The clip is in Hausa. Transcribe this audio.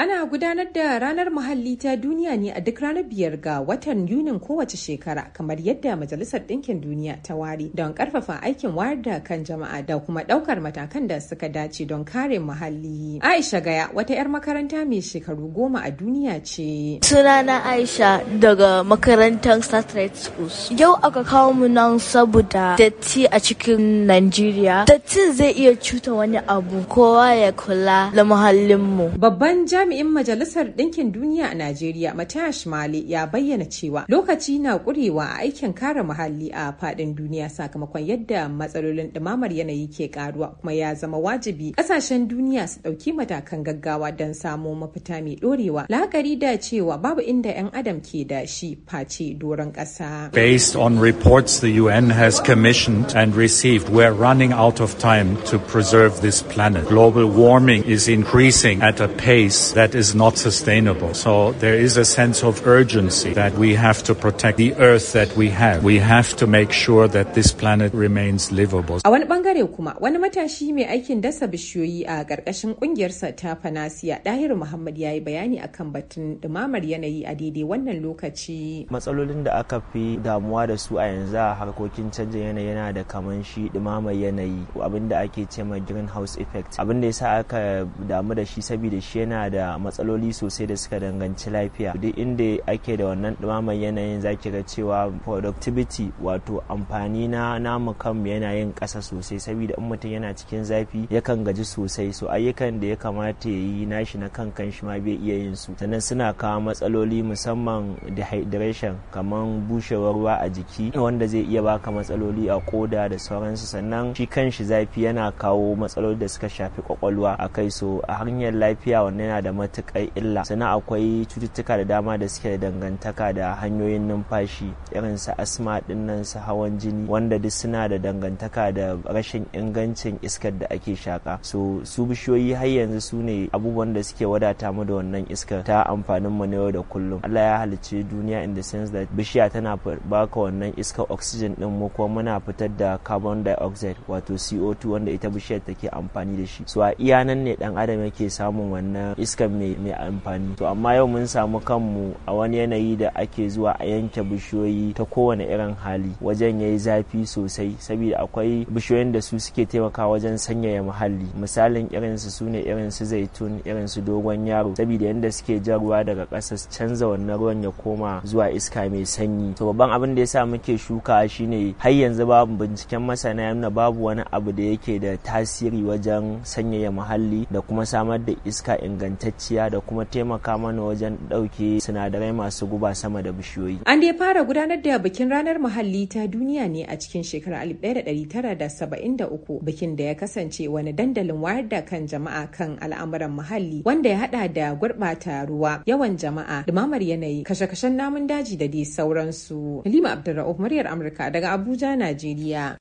Ana gudanar da ranar muhalli ta duniya ne a duk ranar biyar ga watan Yunin kowace shekara kamar yadda Majalisar Ɗinkin Duniya ta ware don ƙarfafa aikin wayar da kan jama'a da kuma ɗaukar matakan da suka dace don kare muhalli. Aisha Gaya wata 'yar makaranta mai shekaru goma a duniya ce. Sunana Aisha daga makarantar Satellite Schools. Yau aka kawo mu nan saboda datti a cikin Najeriya. Dattin zai iya cuta wani abu kowa ya kula da muhallin mu. Babban Jami. jami'in Majalisar Ɗinkin Duniya a Najeriya Matash Mali ya bayyana cewa lokaci na ƙurewa a aikin kare muhalli a faɗin duniya sakamakon yadda matsalolin ɗumamar yanayi ke ƙaruwa kuma ya zama wajibi ƙasashen duniya su ɗauki matakan gaggawa don samo mafita mai ɗorewa. La'akari da cewa babu inda 'yan adam ke da shi face doron ƙasa. Based on reports the UN has commissioned and received, we're running out of time to preserve this planet. Global warming is increasing at a pace that is not sustainable. So there is a sense of urgency that we have to protect the earth that we have. We have to make sure that this planet remains livable. A wani bangare kuma wani matashi mai aikin dasa bishiyoyi a ƙarƙashin ƙungiyarsa ta Fanasiya Dahiru Muhammad ya yi bayani akan batun ɗumamar yanayi a daidai wannan lokaci. Matsalolin da aka fi damuwa da su a yanzu a harkokin canjin yanayi yana da kaman shi ɗumamar yanayi abin da ake cema greenhouse effect abin da yasa aka damu da shi saboda shi yana da da matsaloli sosai da suka danganci lafiya duk inda ake da wannan dumamar yanayin zaki ga cewa productivity wato amfani na namu kan yana yin ƙasa sosai saboda in mutum yana cikin zafi yakan gaji sosai so ayyukan da ya kamata ya yi nashi na kan kanshi ma bai iya yin su sannan suna kawo matsaloli musamman dehydration kamar bushewar ruwa a jiki wanda zai iya baka matsaloli a koda da sauransu sannan shi kanshi zafi yana kawo matsaloli da suka shafi kwakwalwa a kai so a hanyar lafiya wannan yana da da matuƙar illa sannan akwai cututtuka da dama da suke da dangantaka da hanyoyin numfashi irin su asma dinnan su hawan jini wanda duk suna da dangantaka da rashin ingancin iskar da ake shaka so su bishiyoyi har yanzu su ne abubuwan da suke wadata mu da wannan iskar ta amfanin mu na yau da kullum Allah ya halicci duniya in the sense that bishiya tana baka wannan iskar oxygen din mu kuma muna fitar da carbon dioxide wato CO2 wanda ita bishiyar take amfani da shi so a iya nan ne dan adam yake samun wannan iskar iska mai amfani to amma yau mun samu kanmu a wani yanayi da ake zuwa a yanke bishiyoyi ta kowane irin hali wajen yayi zafi sosai saboda akwai bishiyoyin da su suke taimaka wajen sanyaya muhalli misalin irin su sune irin su zaitun irin su dogon yaro saboda yadda suke jan ruwa daga ƙasa canza wannan ruwan ya koma zuwa iska mai sanyi to babban abin da ya sa muke shuka shine har yanzu babu binciken masana ya babu wani abu da yake da tasiri wajen sanyaya muhalli da kuma samar da iska inganta ingantacciya da kuma taimaka mana wajen ɗauke sinadarai masu guba sama da bishiyoyi. An dai fara gudanar da bikin ranar muhalli ta duniya ne a cikin shekarar 1973 bikin da ya kasance wani dandalin wayar da kan jama'a kan al'amuran muhalli wanda ya hada da gurbata ruwa yawan jama'a dumamar yanayi kashe-kashen namun daji da dai sauransu. Halima Abdulra'uf muryar Amurka daga Abuja, Najeriya.